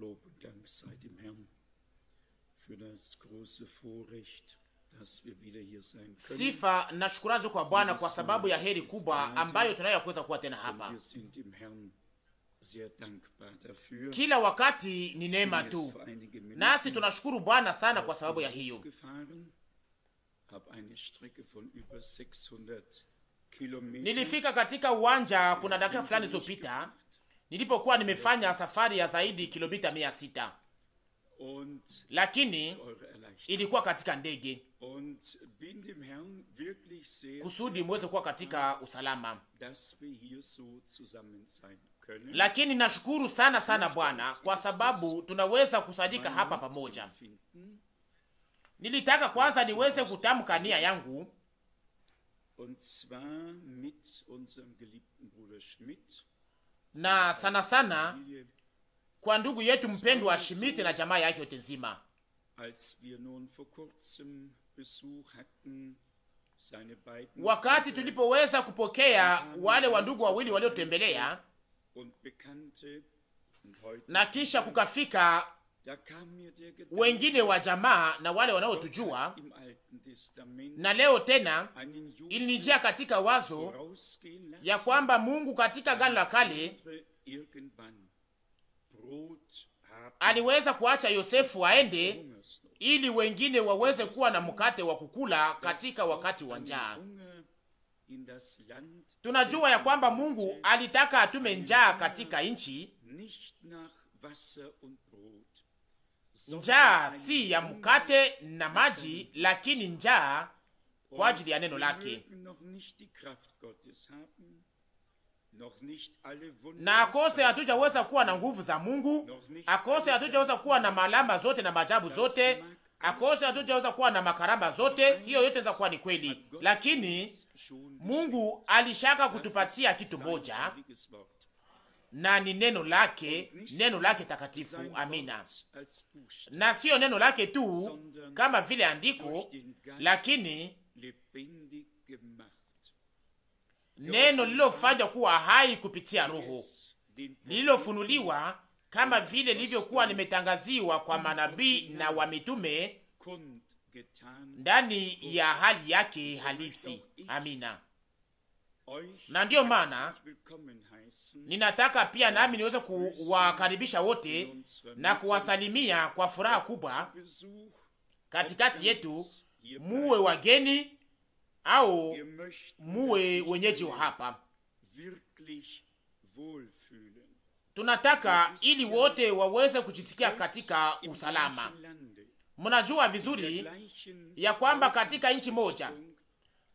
Lob und Dank sei dem Herrn für das große Vorrecht, dass wir wieder hier sein können. Sifa na shukrani kwa Bwana kwa sababu ya heri kubwa ambayo tunayo kuweza kuwa tena hapa. Wir sind dem Herrn sehr dankbar dafür. Kila wakati ni neema er tu, nasi tunashukuru Bwana sana kwa sababu ya hiyo. hab eine Strecke von über 600 Nilifika katika uwanja kuna dakika fulani zilizopita nilipokuwa nimefanya safari ya zaidi kilomita mia sita lakini ilikuwa katika ndege kusudi muweze kuwa katika usalama. Lakini nashukuru sana sana Bwana kwa sababu tunaweza kusanyika hapa pamoja. Nilitaka kwanza niweze kutamka nia yangu na sana sana kwa ndugu yetu mpendwa Shimite na jamaa yake yote nzima. Wakati tulipoweza kupokea wale wa ndugu wawili waliotembelea na kisha kukafika wengine wa jamaa na wale wanaotujua. Na leo tena ilinijia katika wazo ya kwamba Mungu katika gano la Kale aliweza kuacha Yosefu aende ili wengine waweze kuwa na mkate wa kukula katika wakati wa njaa. Tunajua ya kwamba Mungu alitaka atume njaa katika nchi njaa si ya mkate na maji, lakini njaa kwa ajili ya neno lake na akose hatujaweza kuwa na nguvu za Mungu, akose hatujaweza kuwa na malama zote na majabu zote, akose hatujaweza kuwa na makarama zote. Hiyo yote za kuwa ni kweli, lakini Mungu alishaka kutupatia kitu moja na ni neno lake, neno lake takatifu. Amina. Na siyo neno lake tu kama vile andiko, lakini neno lilofanywa kuwa hai kupitia Roho, lililofunuliwa kama vile lilivyokuwa limetangaziwa kwa manabii na wamitume ndani ya hali yake halisi. Amina. Na ndiyo maana Ninataka pia nami niweze kuwakaribisha wote na kuwasalimia kwa furaha kubwa katikati yetu, muwe wageni au muwe wenyeji wa hapa. Tunataka ili wote waweze kujisikia katika usalama. Mnajua vizuri ya kwamba katika nchi moja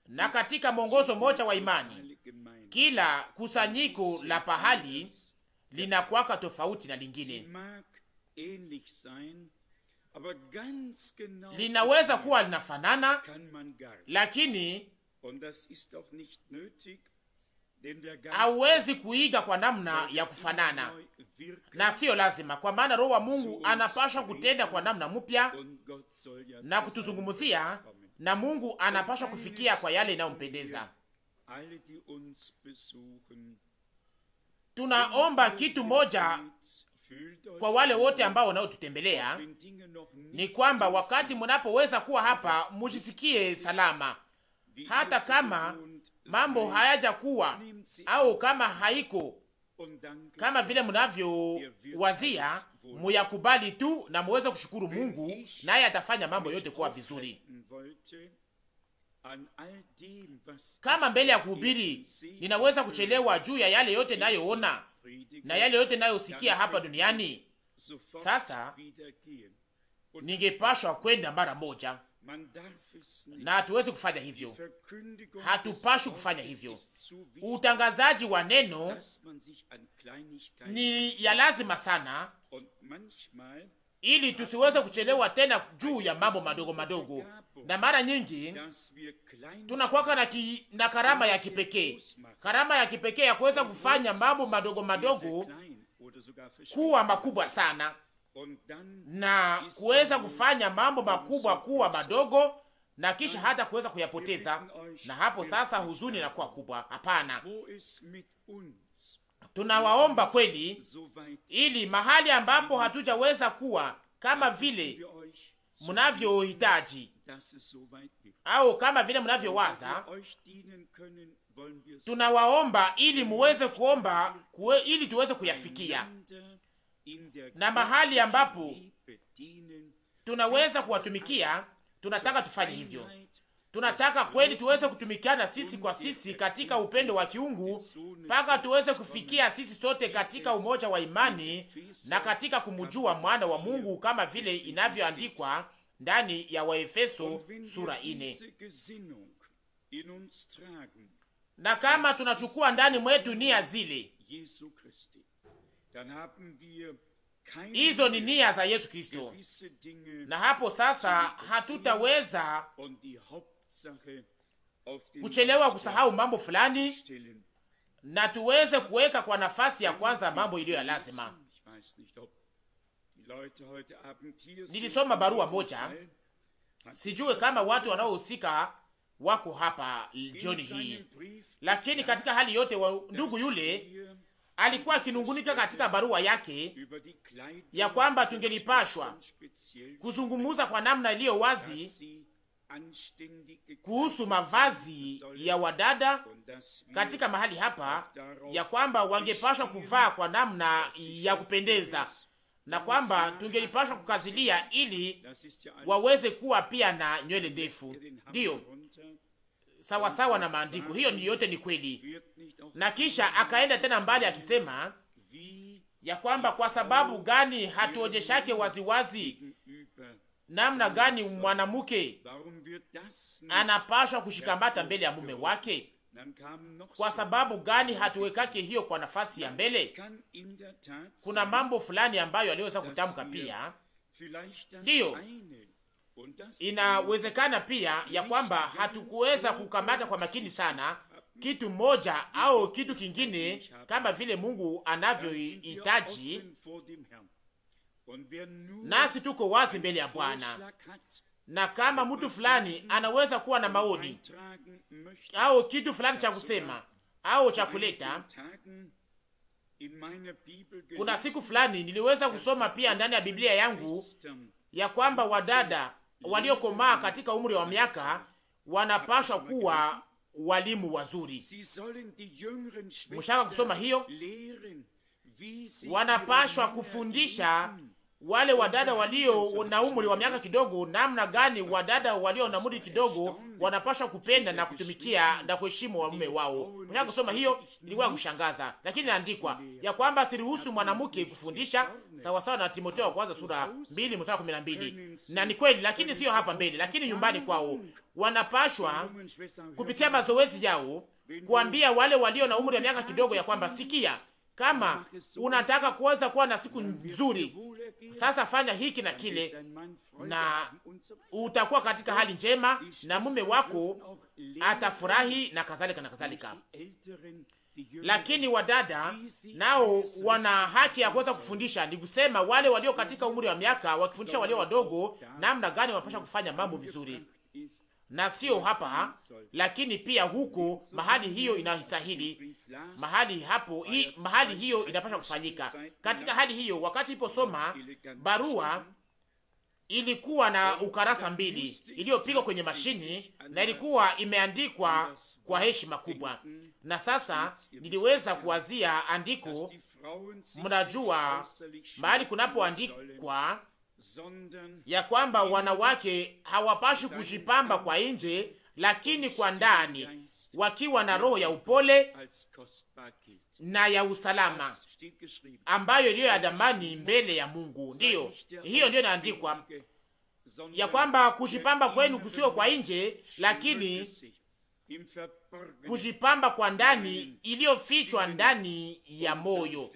na katika mwongozo moja wa imani kila kusanyiko la pahali linakwaka tofauti na lingine, linaweza kuwa linafanana, lakini hauwezi kuiga kwa namna ya kufanana, na siyo lazima, kwa maana Roho wa Mungu anapashwa kutenda kwa namna mpya na kutuzungumzia, na Mungu anapashwa kufikia kwa yale inayompendeza. Tunaomba kitu moja kwa wale wote ambao wanaotutembelea ni kwamba wakati mnapoweza kuwa hapa, mujisikie salama, hata kama mambo hayajakuwa au kama haiko kama vile mnavyowazia, muyakubali tu na muweze kushukuru Mungu, naye atafanya mambo yote kuwa vizuri. Kama mbele ya kuhubiri ninaweza kuchelewa juu ya yale yote nayoona na yale yote nayosikia hapa duniani, sasa ningepashwa kwenda mara moja, na hatuwezi kufanya hivyo, hatupashwi kufanya hivyo. Utangazaji wa neno ni ya lazima sana, ili tusiweze kuchelewa tena juu ya mambo madogo madogo na mara nyingi tunakuwa na, ki, na karama ya kipekee, karama ya kipekee ya kuweza kufanya mambo madogo madogo kuwa makubwa sana na kuweza kufanya mambo makubwa kuwa madogo na kisha hata kuweza kuyapoteza, na hapo sasa huzuni inakuwa kubwa. Hapana, tunawaomba kweli, ili mahali ambapo hatujaweza kuwa kama vile mnavyohitaji au kama vile mnavyowaza. Tunawaomba ili muweze kuomba kue, ili tuweze kuyafikia na mahali ambapo tunaweza kuwatumikia. Tunataka tufanye hivyo tunataka kweli tuweze kutumikiana sisi kwa sisi katika upendo wa kiungu mpaka tuweze kufikia sisi sote katika umoja wa imani na katika kumjua mwana wa Mungu kama vile inavyoandikwa ndani ya Waefeso sura ine. Na kama tunachukua ndani mwetu nia zile hizo ni nia za Yesu Kristo, na hapo sasa hatutaweza kuchelewa kusahau mambo fulani, na tuweze kuweka kwa nafasi ya kwanza mambo iliyo ya lazima. Nilisoma barua moja, sijue kama watu wanaohusika wako hapa jioni hii, lakini katika hali yote wa ndugu yule alikuwa akinungunika katika barua yake ya kwamba tungelipashwa kuzungumuza kwa namna iliyo wazi kuhusu mavazi ya wadada katika mahali hapa, ya kwamba wangepashwa kuvaa kwa namna ya kupendeza na kwamba tungelipashwa kukazilia ili waweze kuwa pia na nywele ndefu. Ndiyo, sawa sawa na maandiko hiyo, ni yote ni kweli. Na kisha akaenda tena mbali akisema ya kwamba kwa sababu gani hatuonyeshake waziwazi namna gani mwanamke anapashwa kushikambata mbele ya mume wake? Kwa sababu gani hatuwekake hiyo kwa nafasi ya mbele? Kuna mambo fulani ambayo aliweza kutamka pia, ndiyo inawezekana pia ya kwamba hatukuweza kukamata kwa makini sana kitu moja au kitu kingine kama vile Mungu anavyohitaji nasi tuko wazi mbele ya Bwana, na kama mtu fulani anaweza kuwa na maoni au kitu fulani cha kusema au cha kuleta. Kuna siku fulani niliweza kusoma pia ndani ya Biblia yangu ya kwamba wadada waliokomaa katika umri wa miaka wanapashwa kuwa walimu wazuri. Mshaka kusoma hiyo, wanapashwa kufundisha wale wadada walio na umri wa miaka kidogo, namna gani wadada walio na umri kidogo wanapaswa kupenda na kutumikia na kuheshimu waume wao. Mwenye kusoma hiyo ilikuwa kushangaza, lakini inaandikwa ya kwamba siruhusu mwanamke kufundisha, sawa sawa na Timotheo wa kwanza sura 2 mstari 12. Na ni kweli, lakini sio hapa mbele, lakini nyumbani kwao wanapashwa kupitia mazoezi yao kuambia wale walio na umri wa miaka kidogo ya kwamba sikia kama unataka kuweza kuwa na siku nzuri, sasa fanya hiki na kile, na utakuwa katika hali njema, na mume wako atafurahi na kadhalika na kadhalika. Lakini wadada nao wana haki ya kuweza kufundisha, ni kusema wale walio katika umri wa miaka wakifundisha walio wadogo namna gani wanapasha kufanya mambo vizuri, na sio hapa, lakini pia huko mahali hiyo inastahili mahali hapo hi, mahali hiyo inapaswa kufanyika. Katika hali hiyo, wakati iposoma barua ilikuwa na ukarasa mbili iliyopigwa kwenye mashini na ilikuwa imeandikwa kwa heshima kubwa, mm-hmm. na sasa niliweza kuwazia andiko. Mnajua mahali kunapoandikwa ya kwamba wanawake hawapashi kujipamba kwa nje lakini kwa ndani wakiwa na roho ya upole na ya usalama ambayo iliyo ya damani mbele ya Mungu. Ndiyo hiyo ndiyo inaandikwa ya kwamba kushipamba kwenu kusiyo kwa nje, lakini kujipamba kwa ndani iliyofichwa ndani ya moyo,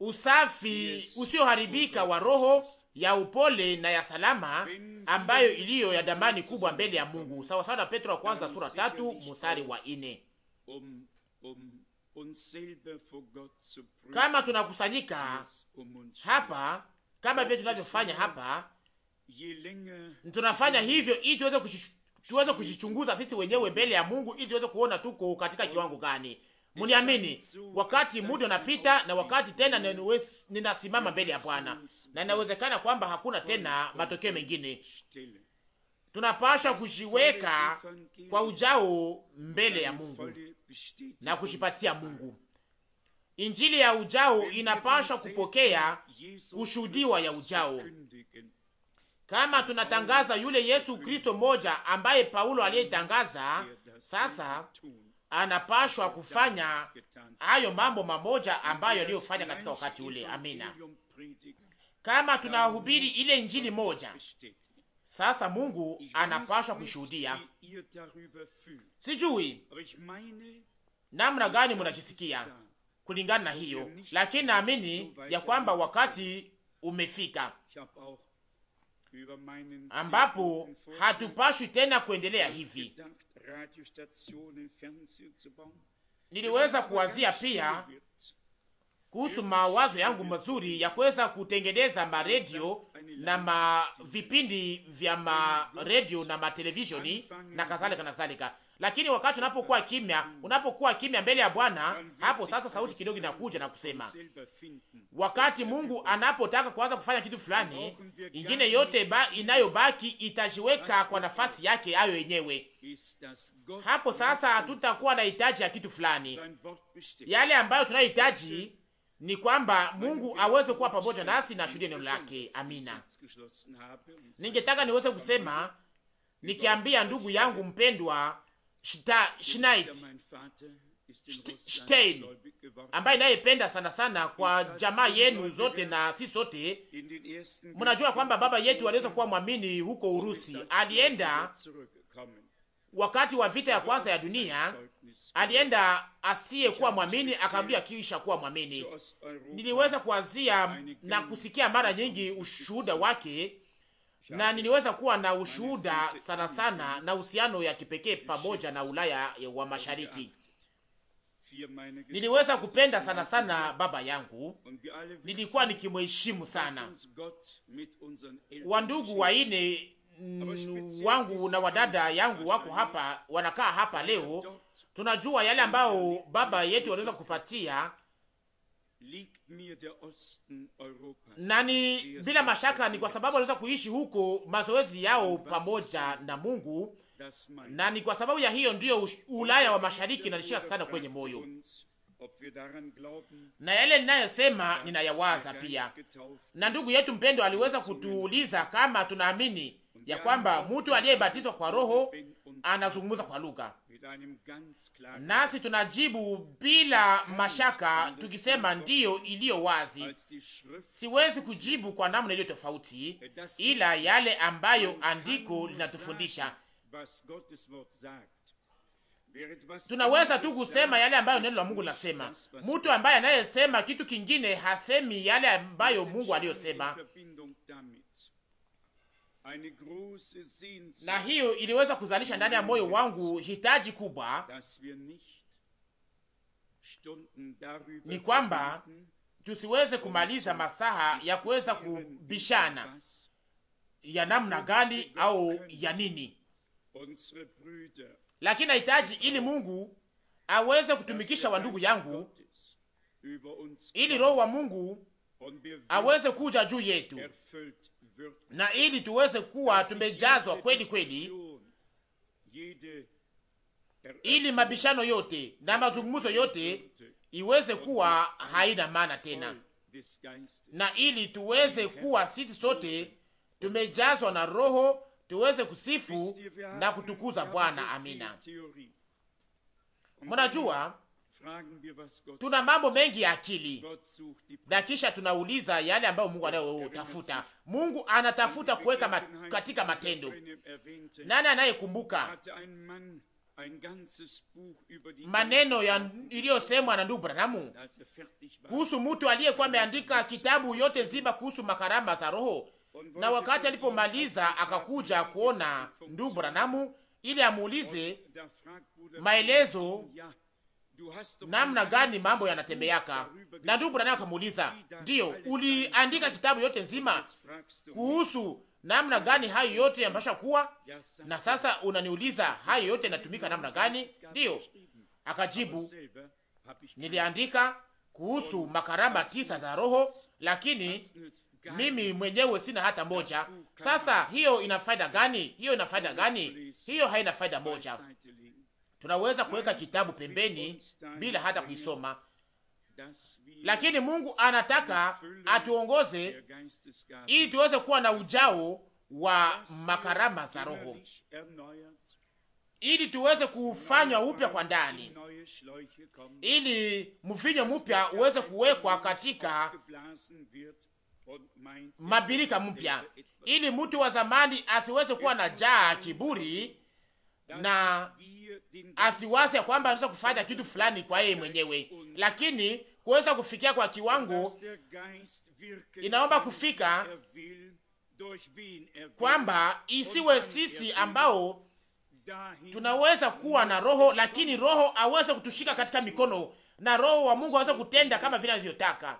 usafi usioharibika wa roho ya upole na ya salama, ambayo iliyo ya dambani kubwa mbele ya Mungu, sawa sawa na Petro wa kwanza sura tatu mstari wa ine. Um, um, um, kama tunakusanyika hapa kama vile tunavyofanya hapa, tunafanya hivyo ili tuweze tuweze kujichunguza sisi wenyewe mbele ya Mungu ili tuweze kuona tuko katika kiwango gani. Mniamini, wakati muda unapita na wakati tena ninasimama mbele ya Bwana, na inawezekana kwamba hakuna tena matokeo mengine. Tunapasha kujiweka kwa ujao mbele ya Mungu na kujipatia Mungu. Injili ya ujao inapasha kupokea ushuhudiwa ya ujao kama tunatangaza yule Yesu Kristo moja ambaye Paulo aliyetangaza sasa anapashwa kufanya hayo mambo mamoja ambayo aliyofanya katika wakati ule. Amina. Kama tunahubiri ile injili moja, sasa Mungu anapashwa kuishuhudia. Sijui namna gani mnajisikia kulingana na hiyo, lakini naamini ya kwamba wakati umefika ambapo hatupashwi tena kuendelea hivi. Niliweza kuwazia pia kuhusu mawazo yangu mazuri ya kuweza kutengeneza maredio na ma vipindi vya maredio na matelevisioni na kadhalika na kadhalika. Lakini wakati unapokuwa kimya, unapokuwa kimya mbele ya Bwana, hapo sasa sauti kidogo inakuja na kusema. Wakati Mungu anapotaka kuanza kufanya kitu fulani, ingine yote ba, inayobaki itajiweka kwa nafasi yake ayo yenyewe. Hapo sasa hatutakuwa na hitaji ya kitu fulani. Yale ambayo tunayohitaji ni kwamba Mungu aweze kuwa pamoja nasi na shuhudia neno lake. Amina. Ningetaka niweze kusema nikiambia ndugu yangu mpendwa Schneid Stein ambaye nayependa sana sana kwa jamaa yenu zote na si sote. Mnajua kwamba baba yetu aliweza kuwa mwamini huko Urusi, alienda wakati wa vita ya kwanza ya dunia, alienda asiyekuwa mwamini akarudi akiisha kuwa mwamini. Niliweza kuazia na kusikia mara nyingi ushuhuda wake na niliweza kuwa na ushuhuda sana sana na uhusiano ya kipekee pamoja na Ulaya wa Mashariki. Niliweza kupenda sana sana baba yangu, nilikuwa nikimheshimu sana. Wandugu waine wangu na wadada yangu wako hapa, wanakaa hapa leo. Tunajua yale ambayo baba yetu wanaweza kupatia na ni bila mashaka ni kwa sababu waliweza kuishi huko mazoezi yao pamoja na Mungu, na ni kwa sababu ya hiyo ndiyo Ulaya wa mashariki nalishika sana kwenye moyo, na yale ninayosema ninayawaza pia. Na ndugu yetu mpendo aliweza kutuuliza kama tunaamini ya kwamba mtu aliyebatizwa kwa Roho anazungumza kwa lugha nasi tunajibu bila mashaka tukisema ndiyo iliyo wazi. Siwezi kujibu kwa namna iliyo tofauti, ila yale ambayo andiko linatufundisha tunaweza tu kusema yale ambayo neno la Mungu linasema. Mtu ambaye anayesema kitu kingine hasemi yale ambayo Mungu aliyosema na hiyo iliweza kuzalisha ndani ya moyo wangu hitaji kubwa ni kwamba tusiweze um kumaliza masaha ya kuweza kubishana ya namna gani au ya nini, lakini nahitaji ili Mungu aweze kutumikisha wa ndugu yangu, ili Roho wa Mungu aweze kuja juu yetu na ili tuweze kuwa tumejazwa kweli kweli, ili mabishano yote na mazungumzo yote iweze kuwa haina maana tena, na ili tuweze kuwa sisi sote tumejazwa na Roho tuweze kusifu na kutukuza Bwana. Amina. Mnajua Tuna mambo mengi ya akili na kisha tunauliza yale ambayo Mungu anayotafuta. Er Mungu anatafuta kuweka mat, katika matendo. Er Nani anayekumbuka maneno iliyosemwa na ndugu Branamu er kuhusu mtu aliyekuwa ameandika kitabu yote zima kuhusu makarama za Roho, na wakati alipomaliza akakuja kuona ndugu Branamu ili amuulize maelezo namna gani mambo yanatembeaka. Na ndugu Branham akamuuliza, ndiyo, uliandika kitabu yote nzima kuhusu namna gani hayo yote yanapasha kuwa, na sasa unaniuliza hayo yote yanatumika namna gani? Ndiyo, akajibu, niliandika kuhusu makarama tisa za Roho, lakini mimi mwenyewe sina hata moja. Sasa hiyo ina faida gani? Hiyo ina faida gani? Hiyo haina faida moja tunaweza kuweka kitabu pembeni bila hata kuisoma, lakini Mungu anataka atuongoze ili tuweze kuwa na ujao wa makarama za Roho ili tuweze kufanywa upya kwa ndani, ili mvinyo mpya uweze kuwekwa katika mabirika mpya, ili mtu wa zamani asiweze kuwa na jaa kiburi na asiwazi ya kwamba anaweza kufanya kitu fulani kwa yeye mwenyewe, lakini kuweza kufikia kwa kiwango inaomba kufika kwamba isiwe sisi ambao tunaweza kuwa na roho, lakini roho aweze kutushika katika mikono na roho wa Mungu aweze kutenda kama vile anavyotaka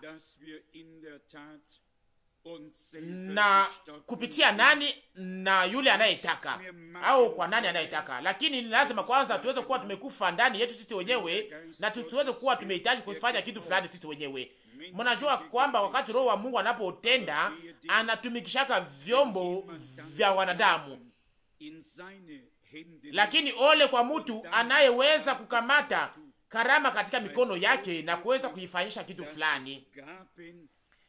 na kupitia nani na yule anayetaka au kwa nani anayetaka, lakini lazima kwanza tuweze kuwa tumekufa ndani yetu sisi wenyewe, na tusiweze kuwa tumehitaji kufanya kitu fulani sisi wenyewe. Mnajua kwamba wakati Roho wa Mungu anapotenda anatumikishaka vyombo vya wanadamu, lakini ole kwa mtu anayeweza kukamata karama katika mikono yake na kuweza kuifanyisha kitu fulani.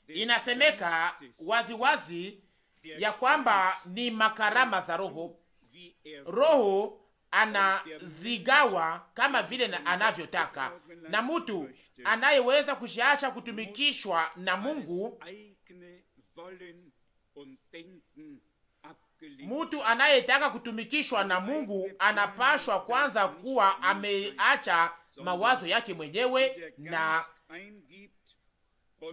Inasemeka waziwazi ya kwamba ni makarama za Roho. Roho anazigawa kama vile na anavyotaka, na mtu anayeweza kushiacha kutumikishwa na Mungu, mtu anayetaka kutumikishwa na Mungu anapashwa kwanza kuwa ameacha mawazo yake mwenyewe na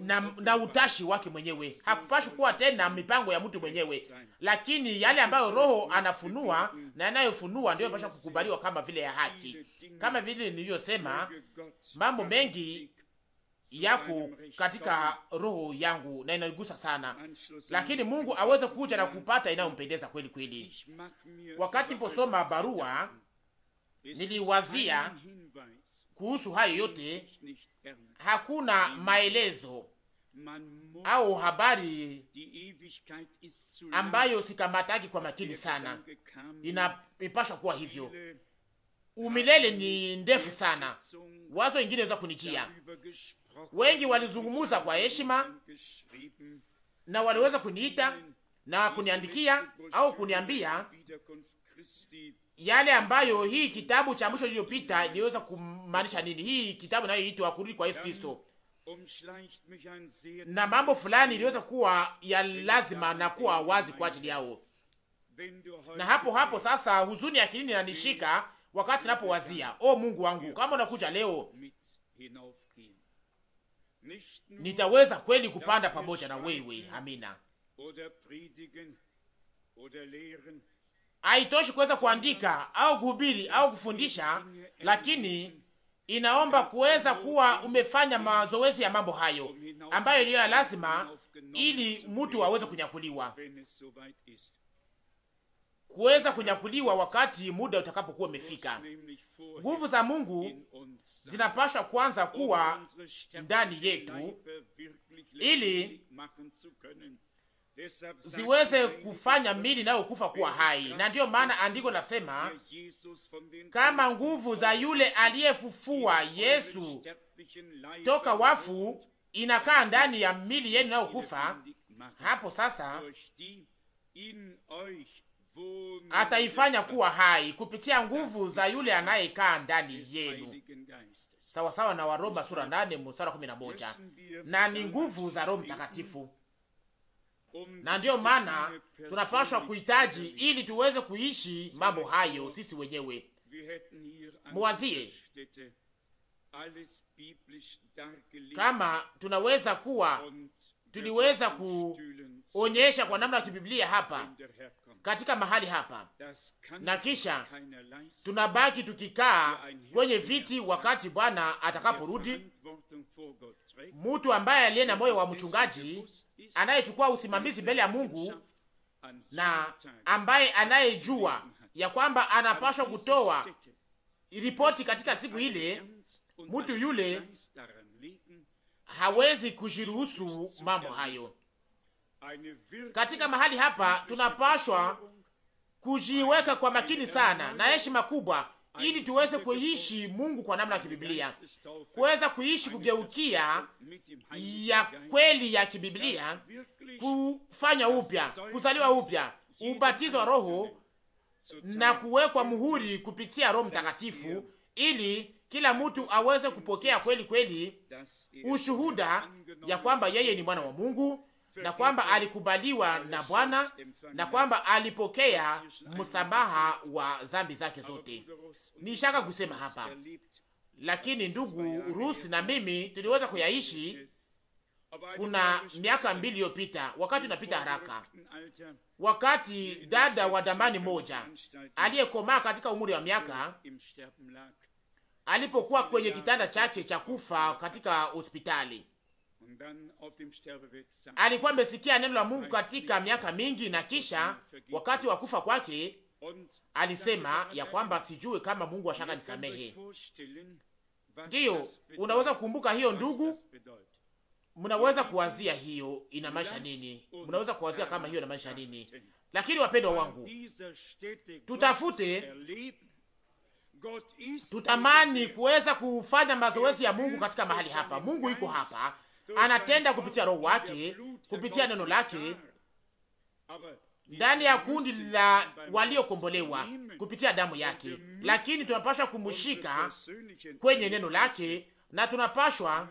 na, na utashi wake mwenyewe, hakupashi kuwa tena mipango ya mtu mwenyewe, lakini yale ambayo Roho anafunua na yanayofunua ndio yanapaswa kukubaliwa kama vile ya haki. Kama vile nilivyosema, mambo mengi yako katika roho yangu na inanigusa sana, lakini Mungu aweze kuja na kupata inayompendeza kweli kweli. Wakati niliposoma barua, niliwazia kuhusu hayo yote hakuna maelezo au habari ambayo sikamataki kwa makini sana. Inapashwa kuwa hivyo. Umilele ni ndefu sana, wazo ingine weza kunijia. Wengi walizungumuza kwa heshima na waliweza kuniita na kuniandikia au kuniambia yale ambayo hii kitabu cha mwisho iliyopita iliweza kumaanisha nini, hii kitabu inayoitwa kurudi kwa Yesu Kristo, na mambo fulani iliweza kuwa ya lazima na kuwa wazi kwa ajili yao. Na hapo hapo sasa huzuni ya kinini inanishika wakati napowazia, o Mungu wangu, kama unakuja leo nitaweza kweli kupanda pamoja na wewe. Amina haitoshi kuweza kuandika au kuhubiri au kufundisha, lakini inaomba kuweza kuwa umefanya mazoezi ya mambo hayo ambayo niyo ya lazima, ili mtu aweze kunyakuliwa, kuweza kunyakuliwa wakati muda utakapokuwa umefika. Nguvu za Mungu zinapaswa kwanza kuwa ndani yetu ili ziweze kufanya mili nayo kufa kuwa hai. Na ndiyo maana andiko nasema kama nguvu za yule aliyefufua Yesu toka wafu inakaa ndani ya mili yenu nayo kufa, hapo sasa ataifanya kuwa hai kupitia nguvu za yule anayekaa ndani yenu, sawasawa na Waroma sura nane mstari kumi na moja, na ni nguvu za Roho Mtakatifu na ndiyo maana tunapaswa kuhitaji ili tuweze kuishi mambo hayo sisi wenyewe. Mwazie kama tunaweza kuwa tuliweza kuonyesha kwa namna ya kibiblia hapa katika mahali hapa, na kisha tunabaki tukikaa kwenye viti wakati Bwana atakaporudi. Mtu ambaye aliye na moyo wa mchungaji anayechukua usimamizi mbele ya Mungu na ambaye anayejua ya kwamba anapashwa kutoa ripoti katika siku ile, mtu yule hawezi kujiruhusu mambo hayo. Katika mahali hapa tunapashwa kujiweka kwa makini sana na heshima kubwa ili tuweze kuishi Mungu kwa namna ya kibiblia, kuweza kuishi kugeukia ya kweli ya kibiblia, kufanya upya, kuzaliwa upya, ubatizo wa Roho na kuwekwa muhuri kupitia Roho Mtakatifu, ili kila mtu aweze kupokea kweli kweli ushuhuda ya kwamba yeye ni mwana wa Mungu na kwamba alikubaliwa na Bwana na kwamba alipokea msamaha wa zambi zake zote. Ni shaka kusema hapa, lakini ndugu Rusi na mimi tuliweza kuyaishi kuna miaka mbili iliyopita, wakati unapita haraka, wakati dada wa damani moja aliyekomaa katika umri wa miaka alipokuwa kwenye kitanda chake cha kufa katika hospitali Alikuwa amesikia neno la Mungu katika miaka mingi, na kisha wakati wa kufa kwake alisema ya kwamba sijue kama Mungu ashaka nisamehe. Ndiyo, unaweza kukumbuka hiyo ndugu, mnaweza kuwazia hiyo ina nini? Mnaweza kuwazia kama hiyo ina nini? Lakini wapendwa wangu, tutafute tutamani kuweza kufanya mazoezi ya Mungu katika mahali hapa. Mungu yuko hapa anatenda kupitia roho wake, kupitia neno lake ndani ya kundi la waliokombolewa kupitia damu yake, lakini tunapashwa kumshika kwenye neno lake na tunapashwa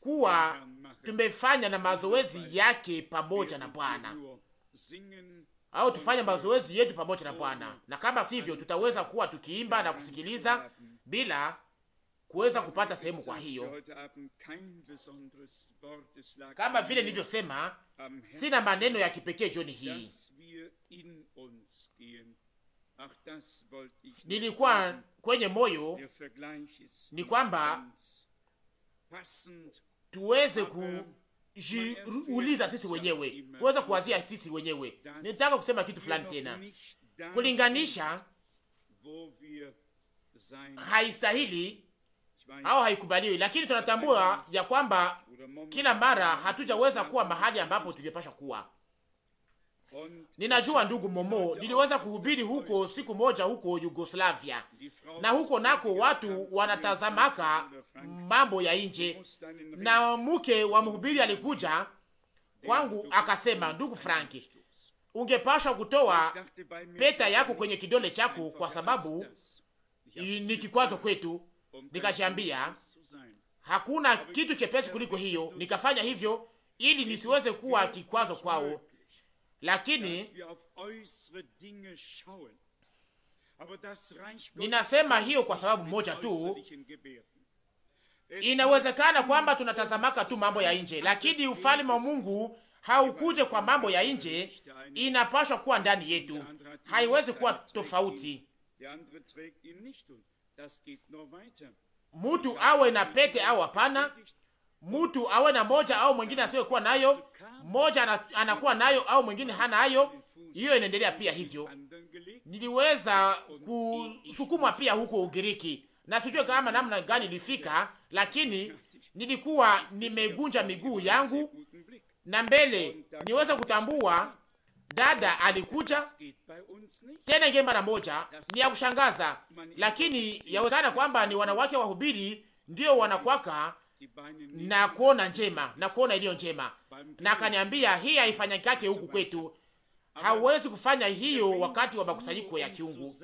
kuwa tumefanya na mazoezi yake pamoja na Bwana, au tufanye mazoezi yetu pamoja na Bwana, na kama sivyo tutaweza kuwa tukiimba na kusikiliza bila kuweza kupata sehemu. Kwa hiyo kama vile nilivyosema, sina maneno ya kipekee jioni hii, nilikuwa kwenye moyo ni kwamba tuweze kujiuliza sisi wenyewe, kuweza kuwazia sisi wenyewe. Nitaka kusema kitu fulani tena, kulinganisha haistahili au haikubaliwi, lakini tunatambua ya kwamba kila mara hatujaweza kuwa mahali ambapo tungepasha kuwa. Ninajua ndugu Momo, niliweza kuhubiri huko siku moja huko Yugoslavia, na huko nako watu wanatazamaka mambo ya nje, na mke wa mhubiri alikuja kwangu akasema, ndugu Franki, ungepashwa kutoa peta yako kwenye kidole chako, kwa sababu ni kikwazo kwetu nikashambia hakuna kitu chepesi kuliko hiyo. Nikafanya hivyo ili nisiweze kuwa kikwazo kwao, lakini ninasema hiyo kwa sababu moja tu. Inawezekana kwamba tunatazamaka tu mambo ya nje, lakini ufalme wa Mungu haukuje kwa mambo ya nje, inapashwa kuwa ndani yetu, haiwezi kuwa tofauti. Mutu awe na pete au hapana, mutu awe na moja au mwingine asiyokuwa nayo, moja anakuwa nayo au mwingine hanayo, hiyo inaendelea pia hivyo. Niliweza kusukumwa pia huko Ugiriki na sijue kama namna gani ilifika, lakini nilikuwa nimegunja miguu yangu na mbele niweze kutambua dada alikuja tena, ingie mara moja. Ni ya kushangaza, lakini yawezekana kwamba ni wanawake wahubiri ndio wanakwaka na kuona njema na kuona iliyo njema, na akaniambia hii haifanyikake huku kwetu, hauwezi kufanya hiyo wakati wa makusanyiko ya kiungu.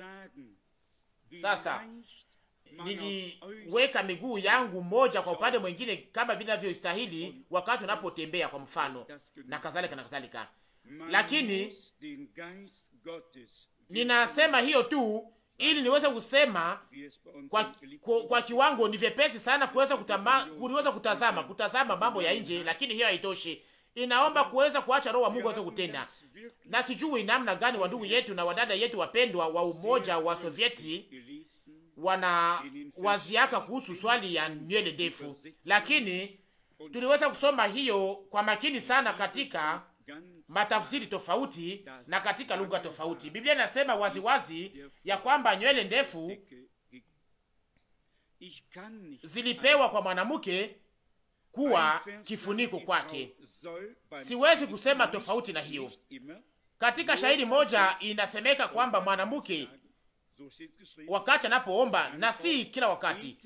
Sasa niliweka miguu yangu moja kwa upande mwingine, kama vile navyostahili wakati unapotembea, kwa mfano na kadhalika na kadhalika lakini ninasema hiyo tu ili niweze kusema kwa, kwa, kwa kiwango ni vyepesi sana kuweza kutama, kutazama kutazama mambo ya nje, lakini hiyo haitoshi. Inaomba kuweza kuacha roho wa Mungu aweze kutenda, na sijui namna gani wa ndugu yetu na wadada yetu wapendwa wa umoja wa Sovieti wana waziaka kuhusu swali ya nywele ndefu, lakini tuliweza kusoma hiyo kwa makini sana katika matafsiri tofauti na katika lugha tofauti. Biblia inasema waziwazi ya kwamba nywele ndefu zilipewa kwa mwanamke kuwa kifuniko kwake. Siwezi kusema tofauti na hiyo. Katika shahidi moja inasemeka kwamba mwanamke wakati anapoomba, na si kila wakati,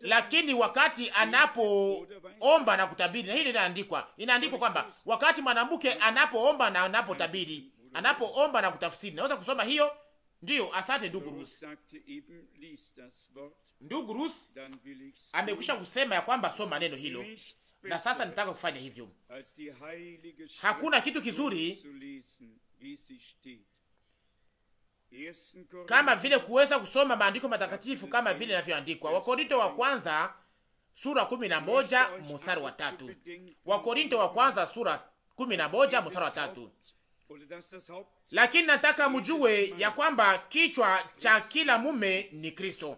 lakini wakati anapoomba na kutabiri, na hili linaandikwa, inaandikwa kwamba wakati mwanamke anapoomba na anapotabiri, anapoomba na kutafsiri. Naweza kusoma hiyo? Ndiyo, asante ndugu Rus. Ndugu Rus amekwisha kusema ya kwamba soma neno hilo, na sasa nitaka kufanya hivyo. Hakuna kitu kizuri kama vile kuweza kusoma maandiko matakatifu kama vile inavyoandikwa. Wakorinto wa kwanza sura kumi na moja mstari wa tatu. Wakorinto wa kwanza sura kumi na moja mstari wa tatu. Lakini nataka mjue ya kwamba kichwa cha kila mume ni Kristo,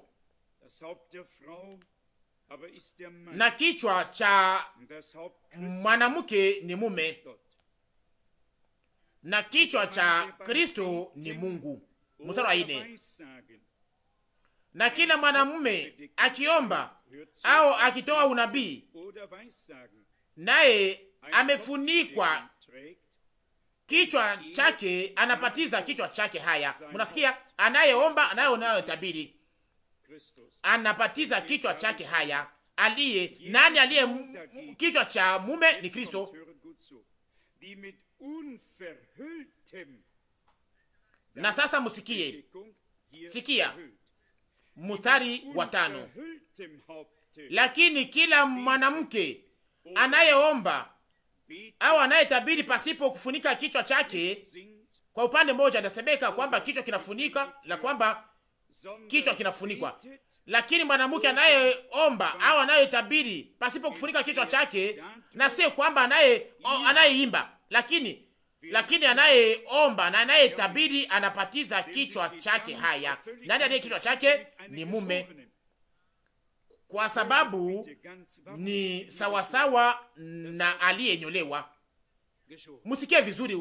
na kichwa cha mwanamke ni mume, na kichwa cha Kristo ni Mungu mstari wa ine. Na kila mwanamume akiomba au akitoa unabii, naye amefunikwa kichwa chake, anapatiza kichwa chake. Haya, mnasikia, anayeomba tabiri anapatiza kichwa chake. Haya, aliye nani? Aliye kichwa cha mume ni Kristo na sasa msikie, sikia mstari wa tano: lakini kila mwanamke anayeomba au anayetabiri pasipo kufunika kichwa chake, kwa upande mmoja anasemeka kwamba kichwa kinafunika na kwamba kichwa kinafunikwa, lakini mwanamke anayeomba au anayetabiri pasipo kufunika kichwa chake, na sio kwamba anaye anayeimba, lakini lakini anayeomba na anayetabiri anapatiza kichwa chake. Haya, nani aliye kichwa chake? Ni mume, kwa sababu ni sawasawa na aliyenyolewa. Msikie vizuri,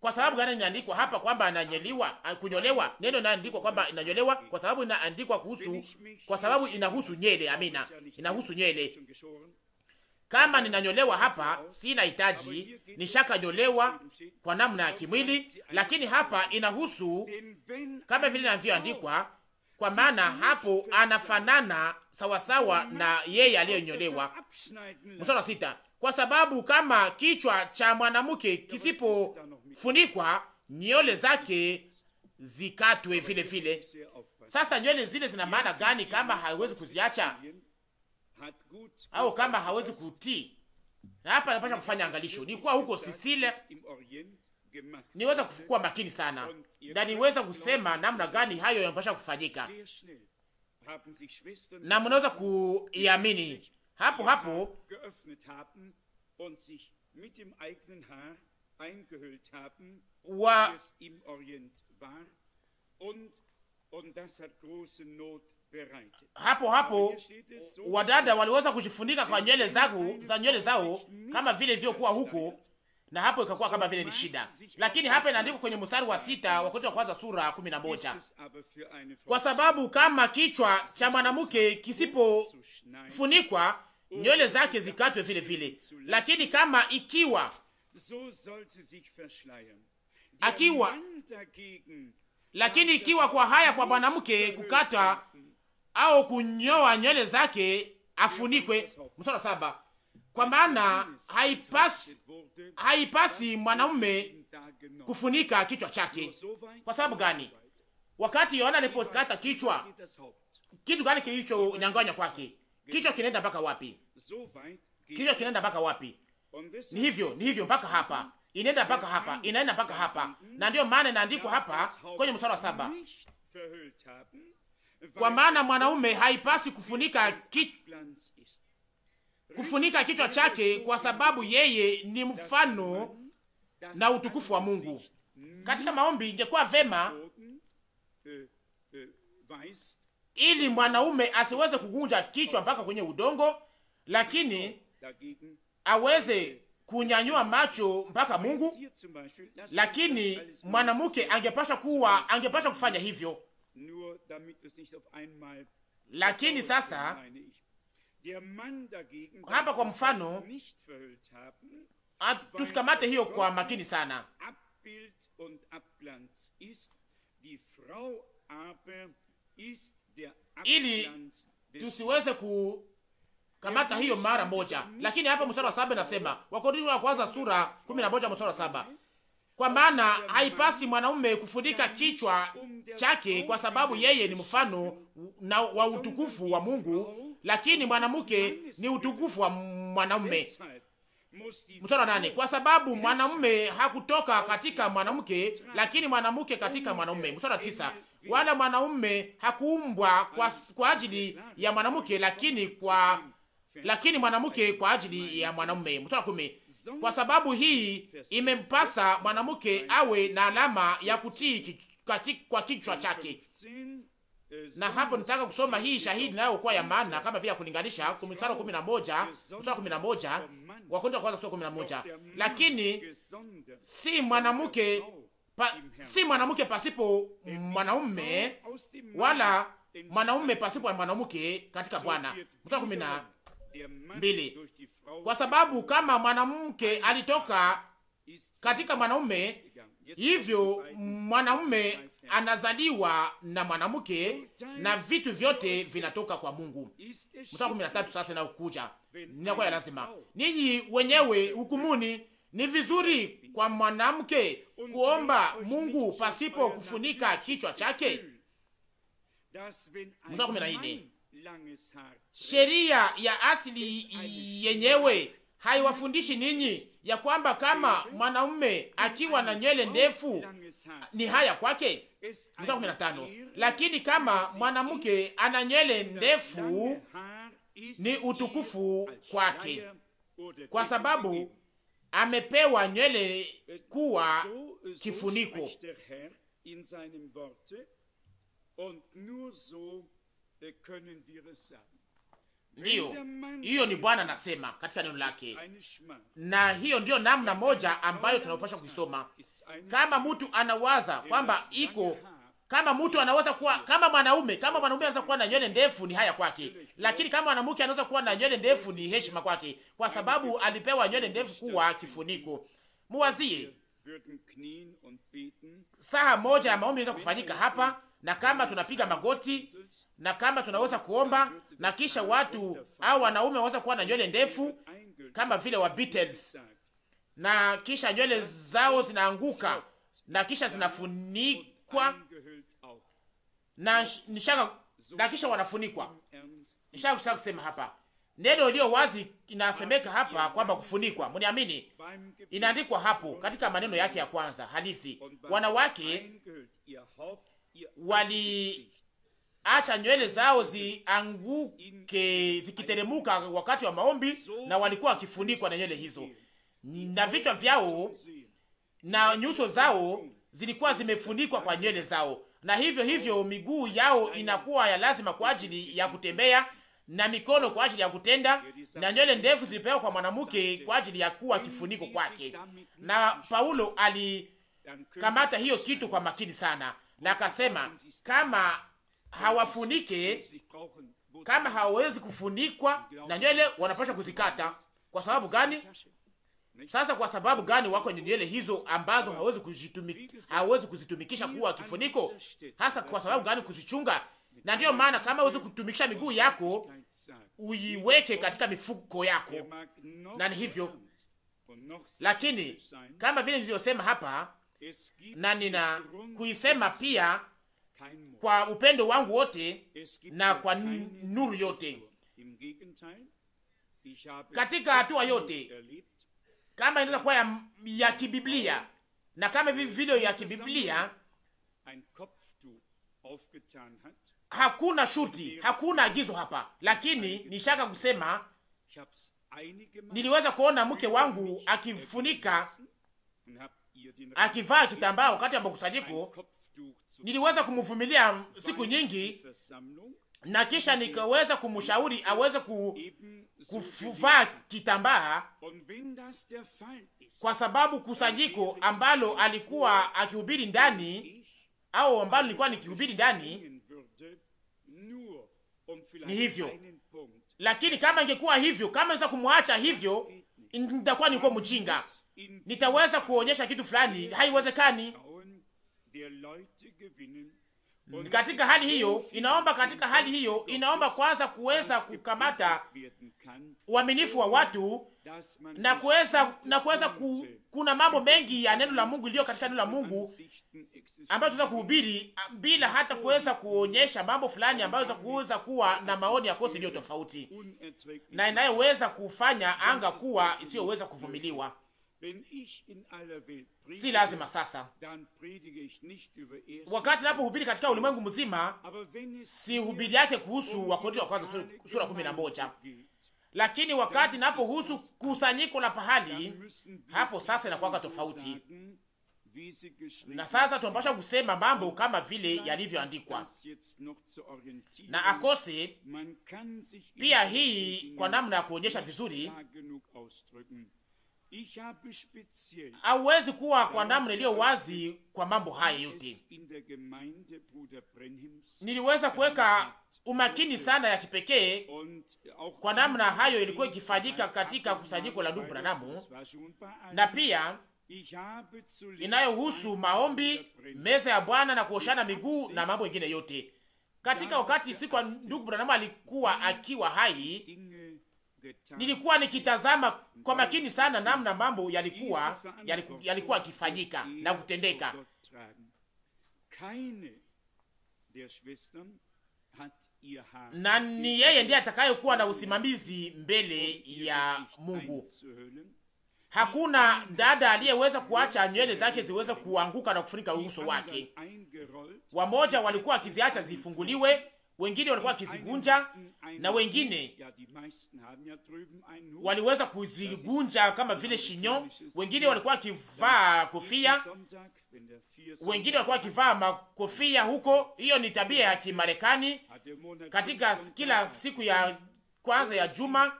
kwa sababu gani inaandikwa hapa kwamba ananyeliwa kunyolewa? Neno inaandikwa kwamba inanyolewa kwa sababu inaandikwa kuhusu, kwa sababu inahusu nyele Amina, inahusu nyele kama ninanyolewa hapa, sina hitaji, nishakanyolewa kwa namna ya kimwili, lakini hapa inahusu kama vile inavyoandikwa, kwa maana hapo anafanana sawasawa na yeye aliyenyolewa. Mstari wa sita, kwa sababu kama kichwa cha mwanamke kisipofunikwa, nywele zake zikatwe vile vile. Sasa nywele zile zina maana gani kama haiwezi kuziacha? au kama hawezi kutii. Na hapa napasha kufanya angalisho. kuwa huko sisile niweza kuwa makini sana na niweza kusema namna gani hayo yanapasha kufanyika, na mnaweza kuiamini hapo hapo wa hapo hapo wadada waliweza kujifunika kwa nywele zao za nywele zao kama vile ilivyokuwa huko, na hapo ikakuwa kama vile ni shida. Lakini hapa inaandikwa kwenye mstari wa sita wa Korintho wa kwanza sura kumi na moja kwa sababu kama kichwa cha mwanamke kisipofunikwa nywele zake zikatwe vile vile, lakini kama ikiwa akiwa lakini ikiwa kwa haya kwa mwanamke kukata au kunyoa nywele zake afunikwe. Mstari saba, kwa maana haipasi, haipasi mwanaume kufunika kichwa chake. Kwa sababu gani? Wakati Yohana alipokata kichwa, kitu gani nyanganya kwake? Kichwa kinaenda mpaka wapi? Kichwa kinaenda mpaka wapi? Ni hivyo, ni hivyo mpaka hapa, inaenda mpaka hapa, inaenda mpaka hapa, na ndiyo maana inaandikwa hapa kwenye mstari wa saba kwa maana mwanaume haipasi kufunika, ki... kufunika kichwa chake, kwa sababu yeye ni mfano na utukufu wa Mungu. Katika maombi ingekuwa vema ili mwanaume asiweze kugunja kichwa mpaka kwenye udongo, lakini aweze kunyanyua macho mpaka Mungu. Lakini mwanamke angepasha kuwa angepasha kufanya hivyo, lakini sasa hapa kwa mfano, tusikamate hiyo kwa makini sana. Ili tusiweze kukamata hiyo mara moja, lakini hapa mstari wa saba nasema, Wakorintho wa kwanza sura 11 mstari wa saba kwa maana haipasi mwanaume kufunika kichwa chake, kwa sababu yeye ni mfano na wa utukufu wa Mungu, lakini mwanamke ni utukufu wa mwanaume. Mstari nane, kwa sababu mwanamume hakutoka katika mwanamke, lakini mwanamke katika mwanaume. Mstari tisa, wala mwanaume hakuumbwa kwa, kwa ajili ya mwanamke, lakini kwa lakini mwanamke kwa ajili ya mwanamume. Mstari kumi, kwa sababu hii imempasa mwanamke awe na alama ya kutii kwa kichwa chake. Na hapo nitaka kusoma hii shahidi nayo kwa ya maana, kama vile kulinganisha mstari wa 11 mstari wa 11 wa kwanza kwanza sura 11, lakini si mwanamke pa, si mwanamke pasipo mwanaume wala mwanaume pasipo mwanamke katika Bwana. Mstari wa mbili. Kwa sababu kama mwanamke alitoka katika mwanaume, hivyo mwanaume anazaliwa na mwanamke na vitu vyote vinatoka kwa Mungu. Mstari kumi na tatu sasa inakuja, inakuwa ya lazima. Ninyi wenyewe hukumuni, ni vizuri kwa mwanamke kuomba Mungu pasipo kufunika kichwa chake. Mstari kumi na nne Sheria ya asili yenyewe haiwafundishi ninyi ya kwamba kama mwanaume akiwa na nywele ndefu ni haya kwake. kumi na tano. Lakini kama mwanamke ana nywele ndefu ni utukufu kwake, kwa sababu amepewa nywele kuwa kifuniko. Ndiyo, hiyo ni Bwana anasema katika neno lake, na hiyo ndiyo namna moja ambayo tunapaswa kuisoma. Kama mtu anawaza kwamba iko kama mtu anaweza kuwa kama mwanaume, kama mwanaume anaweza kuwa na nywele ndefu, ni haya kwake, lakini kama mwanamke anaweza kuwa na nywele ndefu, ni heshima kwake, kwa sababu alipewa nywele ndefu kuwa kifuniko. Muwazie saa moja ya maombi inaweza kufanyika hapa na kama tunapiga magoti na kama tunaweza kuomba, na kisha watu au wanaume waweza kuwa na nywele ndefu kama vile wa Beatles, na kisha nywele zao zinaanguka na kisha zinafunikwa na nishaka, na kisha wanafunikwa. Nishaka kusema kusema hapa neno iliyo wazi inasemeka hapa kwamba kufunikwa, mniamini, inaandikwa hapo katika maneno yake ya kwanza halisi, wanawake waliacha nywele zao zianguke zikiteremuka wakati wa maombi, na walikuwa wakifunikwa na nywele hizo, na vichwa vyao na nyuso zao zilikuwa zimefunikwa kwa nywele zao, na hivyo hivyo miguu yao inakuwa ya lazima kwa ajili ya kutembea na mikono kwa ajili ya kutenda, na nywele ndefu zilipewa kwa mwanamke kwa ajili ya kuwa kifuniko kwake. Na Paulo alikamata hiyo kitu kwa makini sana, na akasema kama hawafunike, kama hawawezi kufunikwa na nywele wanapasha kuzikata. Kwa sababu gani? Sasa kwa sababu gani wako nywele hizo ambazo hawezi kuzitumik, hawezi kuzitumikisha kuwa kifuniko? Hasa kwa sababu gani kuzichunga? Na ndiyo maana kama hawezi kutumikisha miguu yako uiweke katika mifuko yako, na ni hivyo. Lakini kama vile nilivyosema hapa na nina kuisema pia kwa upendo wangu wote na kwa nuru yote katika hatua yote, kama inaweza kuwa ya, ya kibiblia na kama hivi video ya kibiblia hakuna shuti, hakuna agizo hapa, lakini nishaka kusema niliweza kuona mke wangu akifunika akivaa kitambaa wakati wa makusanyiko, niliweza kumvumilia siku nyingi na kisha nikaweza kumshauri aweze ku, kuvaa kitambaa, kwa sababu kusanyiko ambalo alikuwa akihubiri ndani au ambalo nilikuwa nikihubiri ndani ni hivyo. Lakini kama ingekuwa hivyo, kama ingeweza kumwacha hivyo, nitakuwa nilikuwa mjinga, nitaweza kuonyesha kitu fulani, haiwezekani. Katika hali hiyo inaomba, katika hali hiyo inaomba kwanza kuweza kukamata uaminifu wa watu na kuweza na kuweza ku, kuna mambo mengi ya neno la Mungu iliyo katika neno la Mungu ambayo tunaweza kuhubiri ah, bila hata kuweza kuonyesha mambo fulani ambayo za kuweza kuwa na maoni ya kosi iliyo tofauti na inayoweza kufanya anga kuwa isiyoweza kuvumiliwa. Si lazima sasa, wakati napohubiri katika ulimwengu mzima, si hubiri yake kuhusu um Wakorintho wa kwanza sura kumi na moja, lakini wakati napohusu kusanyiko la pahali hapo, sasa inakuwaka tofauti na sasa tunapasha kusema mambo kama vile yalivyoandikwa na akose pia hii, kwa namna ya kuonyesha vizuri hawezi kuwa kwa namna iliyo wazi kwa mambo haya yote. Niliweza kuweka umakini sana ya kipekee kwa namna hayo ilikuwa ikifanyika katika kusanyiko la ndugu Branamu, na pia inayohusu maombi, meza ya Bwana na kuoshana miguu na mambo mengine yote katika wakati siku ndugu Branamu alikuwa akiwa hai nilikuwa nikitazama kwa makini sana namna mambo yalikuwa yalikuwa yakifanyika na kutendeka. Na ni yeye ndiye atakayekuwa na usimamizi mbele ya Mungu. Hakuna dada aliyeweza kuacha nywele zake ziweze kuanguka na kufunika uso wake. Wamoja walikuwa wakiziacha zifunguliwe wengine walikuwa wakizigunja na wengine waliweza kuzigunja kama vile shinyo, wengine walikuwa wakivaa kofia, wengine walikuwa wakivaa makofia huko. Hiyo ni tabia ya Kimarekani katika kila siku ya kwanza ya juma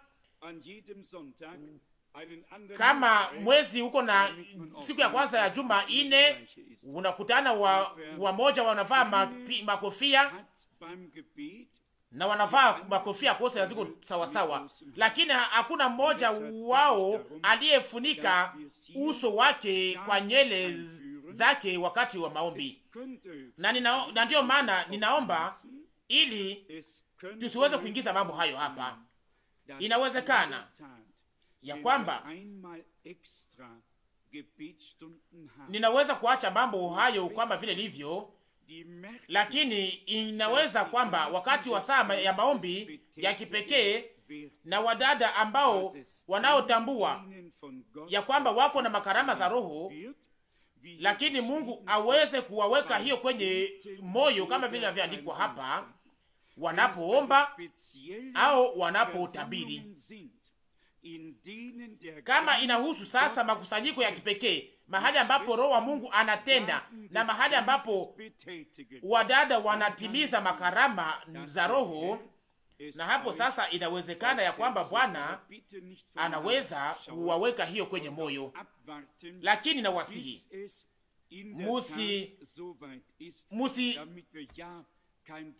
kama mwezi uko na siku ya kwanza ya juma ine unakutana wa, wa moja wanavaa makofia na wanavaa makofia kosa yaziko sawasawa, lakini hakuna mmoja wao aliyefunika uso wake kwa nyele zake wakati wa maombi, na nina, na ndiyo maana ninaomba ili tusiweze kuingiza mambo hayo hapa. Inawezekana ya kwamba ninaweza kuacha mambo hayo kwamba vile livyo, lakini inaweza kwamba wakati wa saa ya maombi ya kipekee na wadada ambao wanaotambua ya kwamba wako na makarama za Roho, lakini Mungu aweze kuwaweka hiyo kwenye moyo kama vile inavyoandikwa hapa, wanapoomba au wanapotabiri kama inahusu sasa makusanyiko ya kipekee, mahali ambapo Roho wa Mungu anatenda na mahali ambapo wadada wanatimiza makarama za Roho, na hapo sasa inawezekana ya kwamba Bwana anaweza kuwaweka hiyo kwenye moyo, lakini nawasihi musi musi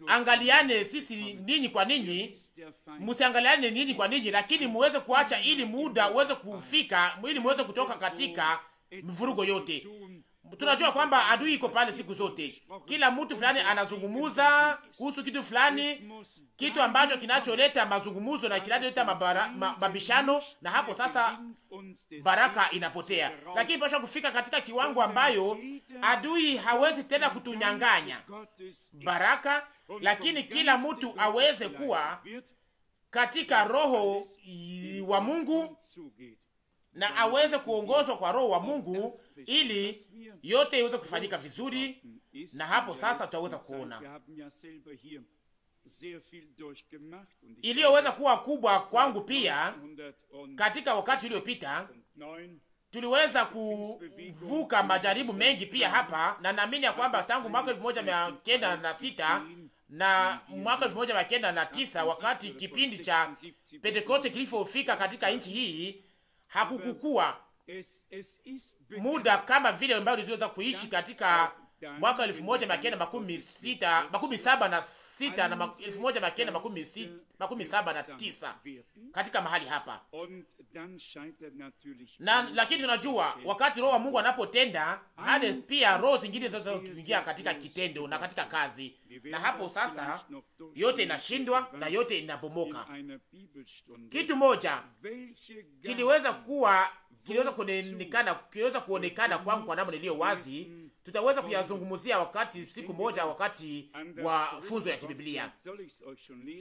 angaliane sisi ninyi kwa ninyi, msiangaliane ninyi kwa ninyi, lakini muweze kuacha ili muda uweze kufika, ili muweze kutoka katika mvurugo yote tunajua kwamba adui iko pale siku zote. Kila mtu fulani anazungumuza kuhusu kitu fulani, kitu ambacho kinacholeta mazungumuzo na kinacholeta mabishano ma, na hapo sasa baraka inapotea. Lakini pasha kufika katika kiwango ambayo adui hawezi tena kutunyang'anya baraka, lakini kila mtu aweze kuwa katika roho wa Mungu na aweze kuongozwa kwa Roho wa Mungu ili yote iweze kufanyika vizuri, na hapo sasa tutaweza kuona iliyoweza kuwa kubwa kwangu pia. Katika wakati uliopita tuliweza kuvuka majaribu mengi pia hapa, na naamini ya kwamba tangu mwaka elfu moja mia kenda na sita na mwaka elfu moja mia kenda na tisa wakati kipindi cha Pentekoste kilipofika katika nchi hii hakukukuwa muda kama vile ambayo tuliweza kuishi katika mwaka elfu moja mia kenda makumi sita makumi saba na sita na elfu moja mia kenda makumi sita makumi saba na tisa katika mahali hapa na, lakini tunajua wakati roho wa Mungu anapotenda hadi pia roho zingine kuingia katika kitendo na katika kazi, na hapo sasa yote inashindwa na yote inabomoka. Kitu moja kiliweza kuwa kiliweza kuonekana kiliweza kuonekana kwangu kwa namna iliyo wazi tutaweza kuyazungumzia wakati siku moja, wakati wa funzo ya kibiblia.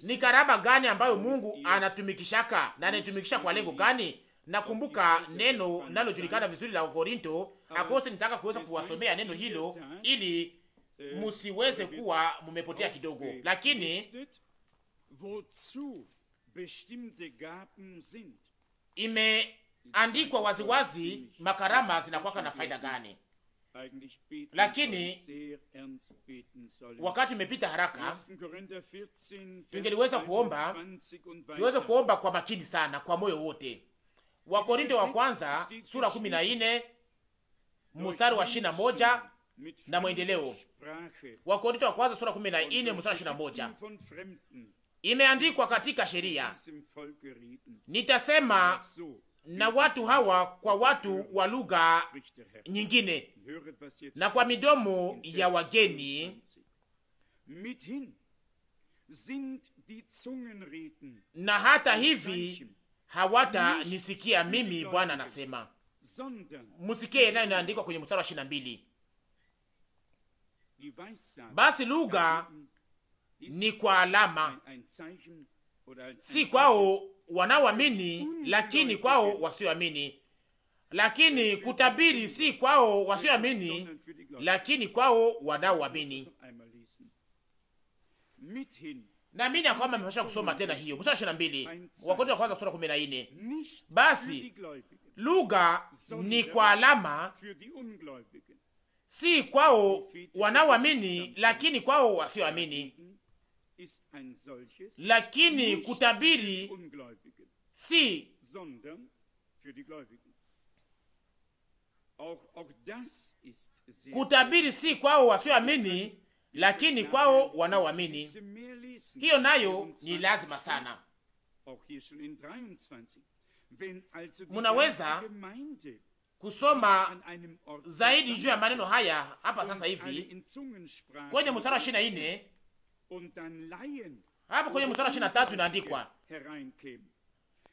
Ni karaba gani ambayo Mungu anatumikishaka na anaitumikisha kwa lengo gani? Nakumbuka neno linalojulikana vizuri la Korinto akose, nitaka kuweza kuwasomea neno hilo ili musiweze kuwa mumepotea kidogo, lakini imeandikwa waziwazi makarama zinakwaka na faida gani lakini wakati umepita haraka, tungeliweza kuomba, tuweze kuomba kwa makini sana, kwa moyo wote. Wakorinto wa kwanza sura kumi na nne mstari wa ishirini na moja na mwendeleo. Wakorinto wa kwanza sura kumi na nne mstari wa ishirini na moja imeandikwa katika sheria, nitasema na watu hawa kwa watu wa lugha nyingine na kwa midomo ya wageni na hata hivi hawata nisikia mimi, Bwana anasema. Musikie yanayo inaandikwa kwenye mstari wa ishirini na mbili: basi lugha ni kwa alama, si kwao wanaoamini, lakini kwao wasioamini. Lakini kutabiri si kwao wasioamini, lakini kwao wanaoamini. Naamini ya kwamba nimepasha kusoma tena hiyo mstari ishirini na mbili Wakorintho wa kwanza sura kumi na nne basi lugha ni kwa alama, si kwao wanaoamini, lakini kwao wasioamini lakini kutabiri si kutabiri si kwao wasioamini, lakini kwao wanaoamini. Hiyo nayo ni lazima sana. Munaweza kusoma zaidi juu ya maneno haya hapa sasa hivi kwenye mstari wa ishirini na nne hapo kwenye mstari wa 23 inaandikwa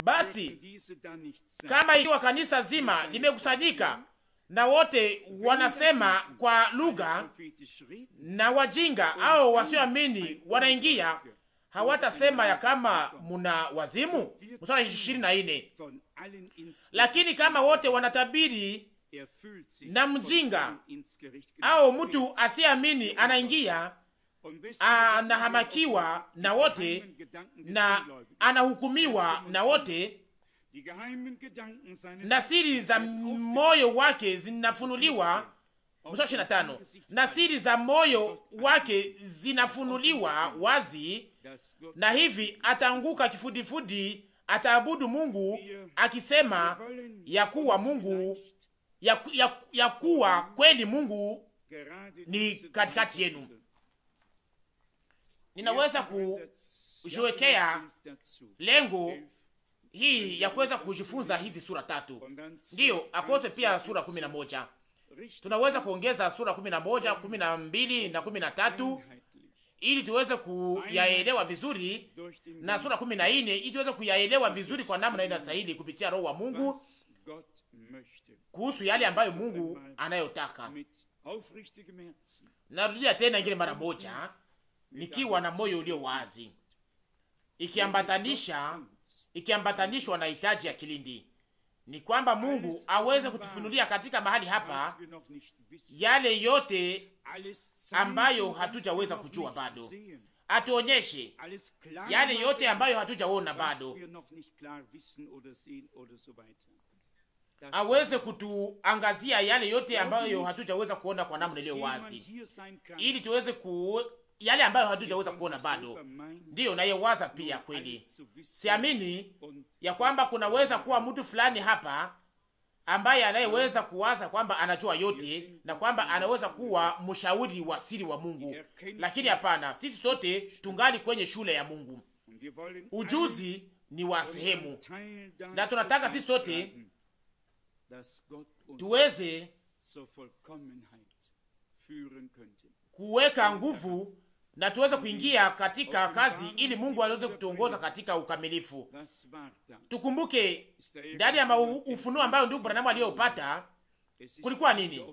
basi kama ikiwa kanisa zima limekusanyika na wote wanasema kwa lugha, na wajinga au wasioamini wanaingia, hawatasema ya kama muna wazimu. Mstari ishirini na nne, lakini kama wote wanatabiri na mjinga au mtu asiamini anaingia Ah, anahamakiwa na wote na anahukumiwa na wote, na siri za moyo wake zinafunuliwa. Mstari na tano, na siri za moyo wake zinafunuliwa wazi, na hivi ataanguka kifudifudi, ataabudu Mungu akisema ya kuwa Mungu ya, ya, ya kuwa kweli Mungu ni katikati yenu ninaweza kujiwekea lengo hii ya kuweza kujifunza hizi sura tatu, ndiyo akose pia sura kumi na moja tunaweza kuongeza sura kumi na moja kumi na mbili na kumi na tatu ili tuweze kuyaelewa vizuri na sura kumi na nne ili tuweze kuyaelewa vizuri kwa namna ina sahili kupitia Roho wa Mungu kuhusu yale ambayo Mungu anayotaka. Narudia tena ingine mara moja likiwa na moyo ulio wazi, ikiambatanisha ikiambatanishwa na hitaji ya kilindi, ni kwamba Mungu aweze kutufunulia katika mahali hapa yale yote ambayo hatujaweza kujua bado, atuonyeshe yale yote ambayo hatujaona bado, aweze kutuangazia yale yote ambayo hatujaweza kuona kwa namna iliyo wazi, ili tuweze ku yale ambayo hatujaweza kuona bado, ndiyo nayewaza pia. Kweli siamini ya kwamba kunaweza kuwa mtu fulani hapa ambaye anayeweza kuwaza kwamba anajua yote na kwamba anaweza kuwa mshauri wa siri wa Mungu, lakini hapana, sisi sote tungali kwenye shule ya Mungu. Ujuzi ni wa sehemu, na tunataka sisi sote tuweze kuweka nguvu na tuweze kuingia katika kazi ili Mungu aweze kutuongoza katika ukamilifu. Tukumbuke ndani ya ufunuo ambayo ndugu Branamu aliyopata kulikuwa nini?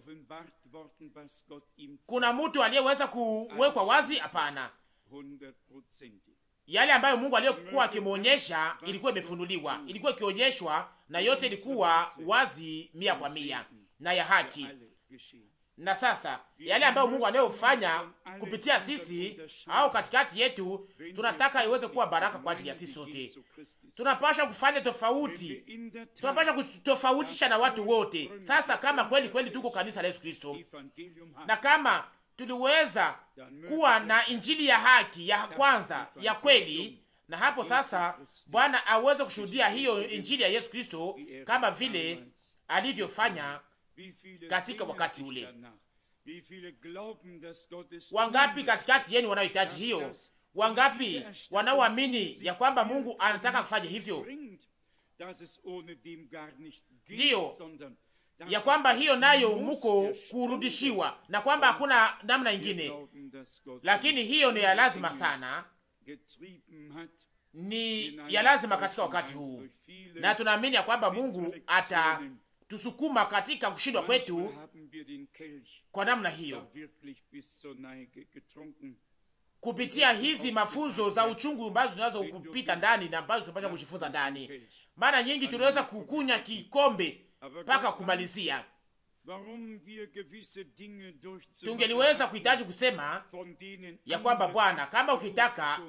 Kuna mtu aliyeweza kuwekwa wazi? Hapana, yale ambayo Mungu aliyokuwa akimwonyesha ilikuwa imefunuliwa, ilikuwa ikionyeshwa, na yote ilikuwa wazi mia kwa mia na ya haki na sasa yale ambayo Mungu anayofanya kupitia sisi au katikati yetu, tunataka iweze kuwa baraka kwa ajili ya sisi sote. Tunapasha kufanya tofauti, tunapasha kutofautisha na watu wote. Sasa kama kweli kweli tuko kanisa la Yesu Kristo na kama tuliweza kuwa na injili ya haki ya kwanza ya kweli, na hapo sasa Bwana aweze kushuhudia hiyo injili ya Yesu Kristo kama vile alivyofanya katika wakati ule. Wangapi katikati yenu wanaohitaji hiyo? Wangapi wanaoamini ya kwamba Mungu anataka kufanya hivyo? Ndiyo, ya kwamba hiyo nayo muko kurudishiwa na kwamba hakuna namna ingine, lakini hiyo ni ya lazima sana, ni ya lazima katika wakati huu, na tunaamini ya kwamba Mungu ata tusukuma katika kushindwa kwetu kwa namna hiyo, kupitia hizi mafunzo za uchungu ambazo tunazo kupita ndani na ambazo tunapaswa kujifunza ndani. Mara nyingi tunaweza kukunywa kikombe mpaka kumalizia. Tungeliweza kuhitaji kusema ya kwamba Bwana, kama ukitaka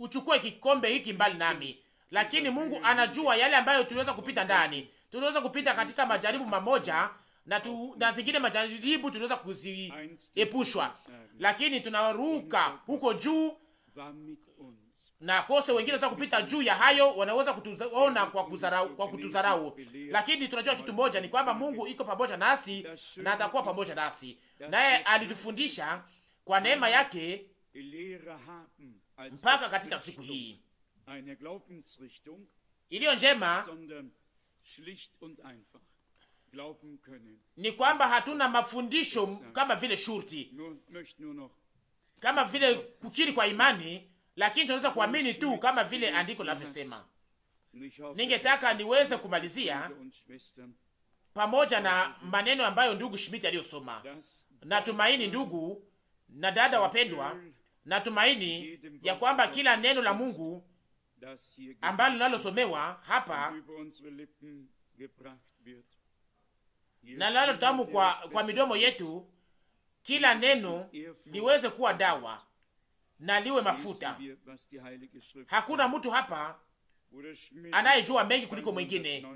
uchukue kikombe hiki mbali nami, lakini Mungu anajua yale ambayo tunaweza kupita ndani tunaweza kupita katika majaribu mamoja na, tu, na zingine majaribu tunaweza kuziepushwa, lakini tunaruka huko juu na kose wengine wanaweza kupita juu ya hayo, wanaweza kutuona kwa kuzarau, kwa kutuzarau, lakini tunajua kitu moja ni kwamba Mungu iko pamoja nasi na atakuwa pamoja nasi, naye alitufundisha kwa neema yake mpaka katika siku hii iliyo njema ni kwamba hatuna mafundisho kama vile shurti, kama vile kukiri kwa imani, lakini tunaweza kuamini tu kama vile andiko linavyosema. Ningetaka niweze kumalizia pamoja na maneno ambayo ndugu Schmidt aliyosoma. Natumaini ndugu na dada wapendwa, natumaini ya kwamba kila neno la Mungu ambalo linalosomewa hapa na linalotamu kwa, kwa midomo yetu, kila neno er liweze kuwa dawa na liwe mafuta. Hakuna mtu hapa anayejua mengi kuliko mwingine,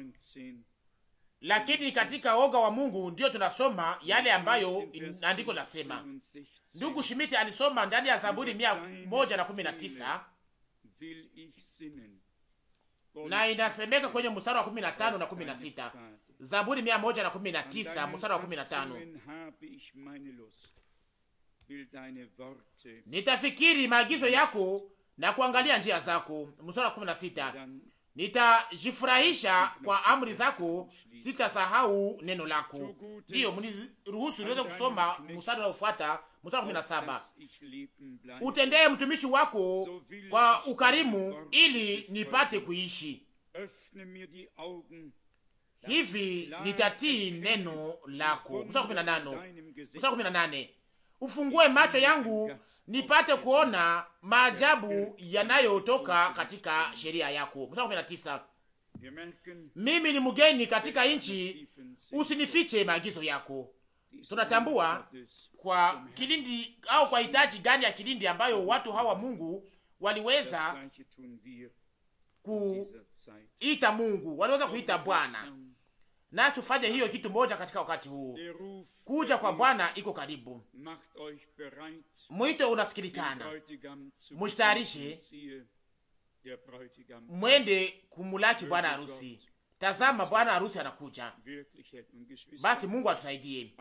lakini katika oga wa Mungu ndiyo tunasoma yale ambayo andiko nasema Ndugu Shimiti alisoma ndani ya Zaburi mia moja na kumi na tisa na inasemeka kwenye mstari wa kumi na tano na kumi na sita Zaburi mia moja na kumi na tisa mstari wa kumi na tano nitafikiri maagizo yako na kuangalia njia zako. Mstari wa kumi na sita Nitajifurahisha kwa amri zako, sitasahau neno lako. Ndiyo, mniruhusu niweze kusoma mstari unaofuata, mstari kumi na saba: utendee mtumishi wako kwa ukarimu, ili nipate kuishi. Hivi nitatii neno lako. Mstari kumi na nane ufungue macho yangu nipate kuona maajabu yanayotoka katika sheria yako. Mstari kumi na tisa. Mimi ni mgeni katika nchi, usinifiche maagizo yako. Tunatambua kwa kilindi au kwa hitaji gani ya kilindi ambayo watu hawa Mungu waliweza kuita Mungu, waliweza kuita Bwana nasi tufanye hiyo kitu moja katika wakati huu. Kuja kwa Bwana iko karibu, mwito unasikilikana, mujitayarishe mwende kumulaki bwana harusi. Tazama, bwana harusi anakuja. Basi Mungu atusaidie,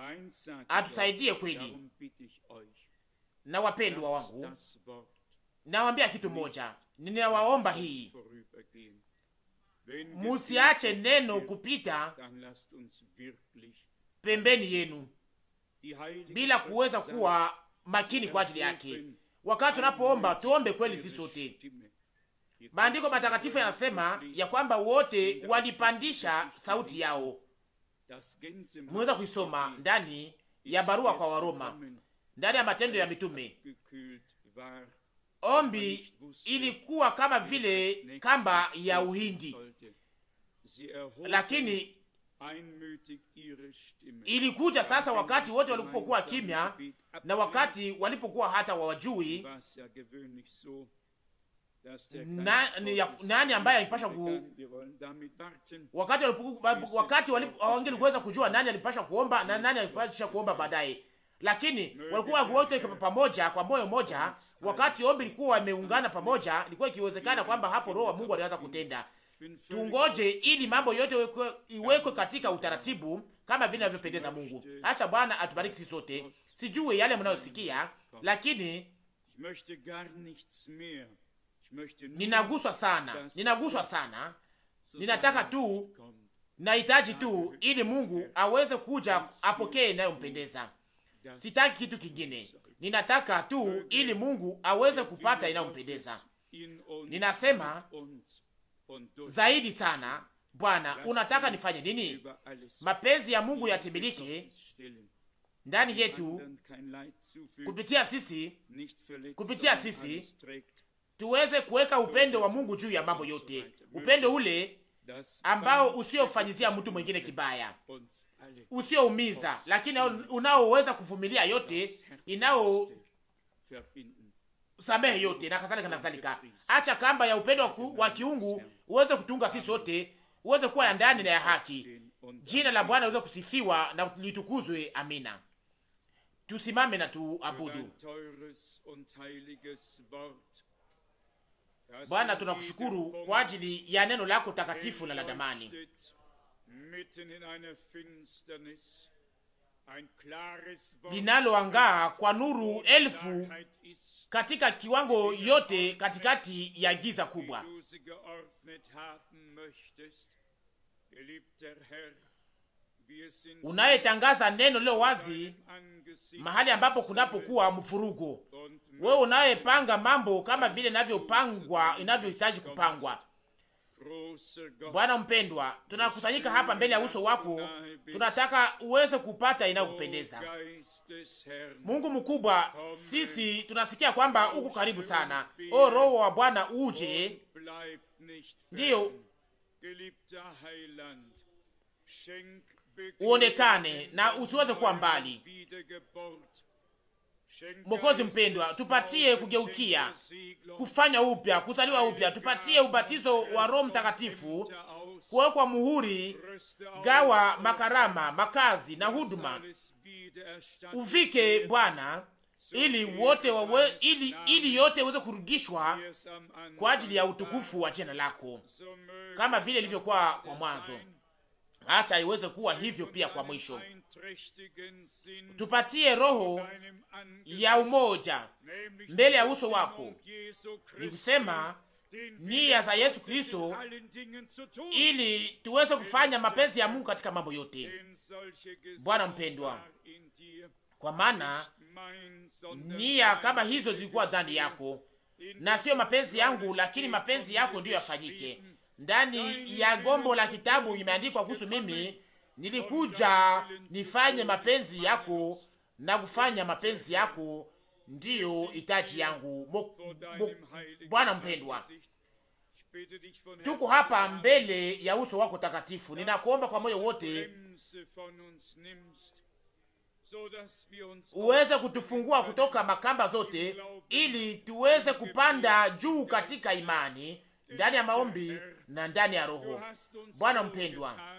atusaidie kweli. Na wapendwa wangu, nawaambia kitu moja, ninawaomba hii musiache neno kupita pembeni yenu bila kuweza kuwa makini kwa ajili yake. Wakati tunapoomba tuombe kweli, si sote. Maandiko matakatifu yanasema ya kwamba wote walipandisha sauti yao. Mweza kuisoma ndani ya barua kwa Waroma, ndani ya Matendo ya Mitume. Ombi ilikuwa kama vile kamba ya Uhindi lakini ilikuja sasa wakati wote walipokuwa kimya na wakati walipokuwa hata wawajui nani ambaye alipasha ku... wakati er wakati kujua nani alipasha kuomba na nani alipasha kuomba baadaye, lakini walikuwa wote pamoja kwa moyo moja, wakati ombi likuwa wameungana pamoja, ilikuwa ikiwezekana kwamba hapo Roho wa Mungu aliweza kutenda tungoje ili mambo yote iwekwe katika utaratibu kama vile inavyopendeza Mungu. Acha Bwana atubariki sisi sote. Sijue yale mnayosikia, lakini ninaguswa sana, ninaguswa sana. Ninataka tu, nahitaji tu, ili Mungu aweze kuja apokee inayompendeza. Sitaki kitu kingine, ninataka tu, ili Mungu aweze kupata inayompendeza. Ninasema zaidi sana. Bwana, unataka nifanye nini? Mapenzi ya Mungu yatimilike ndani yetu, kupitia sisi, kupitia sisi tuweze kuweka upendo wa Mungu juu ya mambo yote, upendo ule ambao usiofanyizia mtu mwingine kibaya, usioumiza, lakini unaoweza kuvumilia yote, inao samehe yote na kadhalika na kadhalika. Acha kamba ya upendo wa kiungu uweze kutunga sisi sote, uweze kuwa ya ndani na ya haki. Jina la Bwana uweze kusifiwa na litukuzwe. Amina. Tusimame na tuabudu. Bwana, tunakushukuru kwa ajili ya neno lako takatifu na la damani linaloangaa kwa nuru elfu katika kiwango yote katikati ya giza kubwa. Unayetangaza neno lilo wazi mahali ambapo kunapokuwa mfurugo, wewe unayepanga mambo kama vile inavyopangwa inavyohitaji kupangwa Bwana mpendwa, tunakusanyika hapa mbele ya uso wako, tunataka uweze kupata inayokupendeza. Mungu mkubwa, sisi tunasikia kwamba uko karibu sana. O Roho wa Bwana uje, ndiyo uonekane na usiweze kuwa mbali. Mwokozi mpendwa, tupatie kugeukia, kufanya upya, kuzaliwa upya, tupatie ubatizo wa Roho Mtakatifu, kuwekwa muhuri, gawa makarama, makazi na huduma. Uvike Bwana ili wote wawe, ili, ili yote iweze kurudishwa kwa ajili ya utukufu wa jina lako kama vile ilivyokuwa kwa mwanzo, hata iweze kuwa hivyo pia kwa mwisho tupatie roho ya umoja mbele ya uso wako, ni kusema nia za Yesu Kristo, ili tuweze kufanya mapenzi ya Mungu katika mambo yote. Bwana mpendwa, kwa maana nia kama hizo zilikuwa ndani yako, na siyo mapenzi yangu, lakini mapenzi yako ndiyo yafanyike. Ndani ya gombo la kitabu imeandikwa kuhusu mimi nilikuja nifanye mapenzi yako na kufanya mapenzi yako ndiyo itaji yangu. Bwana mpendwa, tuko hapa mbele ya uso wako takatifu. Ninakuomba kwa moyo wote uweze kutufungua kutoka makamba zote, ili tuweze kupanda juu katika imani, ndani ya maombi na ndani ya Roho. Bwana mpendwa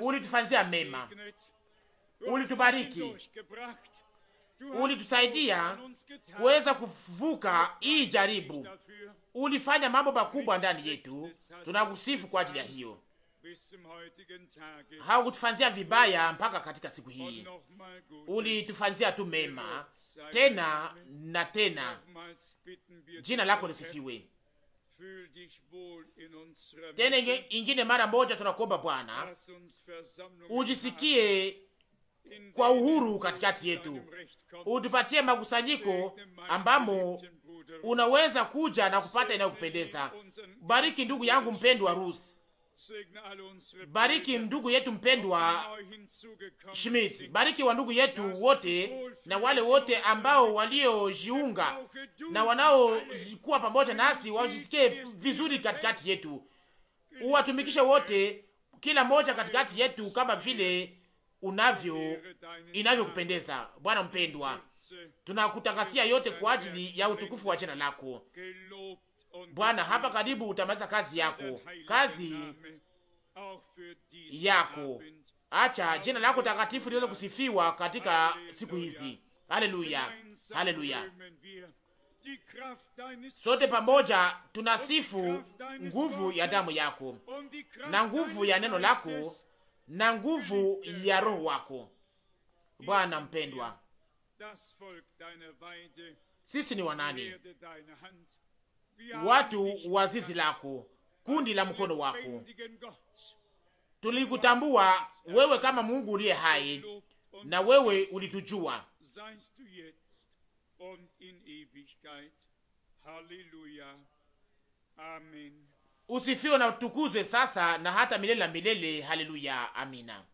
ulitufanzia mema, ulitubariki, ulitusaidia kuweza kuvuka hii jaribu, ulifanya mambo makubwa ndani yetu. Tunakusifu kwa ajili ya hiyo. Haukutufanzia vibaya mpaka katika siku hii, ulitufanzia tu mema tena na tena. Jina lako lisifiwe. Tena ingine mara moja tunakuomba Bwana, ujisikie kwa uhuru katikati yetu, utupatie makusanyiko ambamo unaweza kuja na kupata inayokupendeza. Bariki ndugu yangu mpendwa Rusi Bariki ndugu yetu mpendwa Schmidt, bariki wa ndugu yetu wote na wale wote ambao waliojiunga na wanaokuwa pamoja nasi, wajisikie vizuri katikati yetu. Uwatumikishe wote, kila moja katikati yetu kama vile unavyo inavyokupendeza. Bwana mpendwa, tunakutakasia yote kwa ajili ya utukufu wa jina lako. Bwana, hapa karibu utamaliza kazi yako, kazi yako. Acha jina lako takatifu liweze kusifiwa katika siku hizi. Haleluya, haleluya. Sote pamoja tunasifu nguvu ya damu yako na nguvu ya neno lako na nguvu ya roho wako. Bwana mpendwa, sisi ni wanani? watu wa zizi lako, kundi la mkono wako. Tulikutambua wewe kama Mungu uliye hai, na wewe ulitujua usifiwe na utukuzwe sasa na hata milele na milele. Haleluya, amina.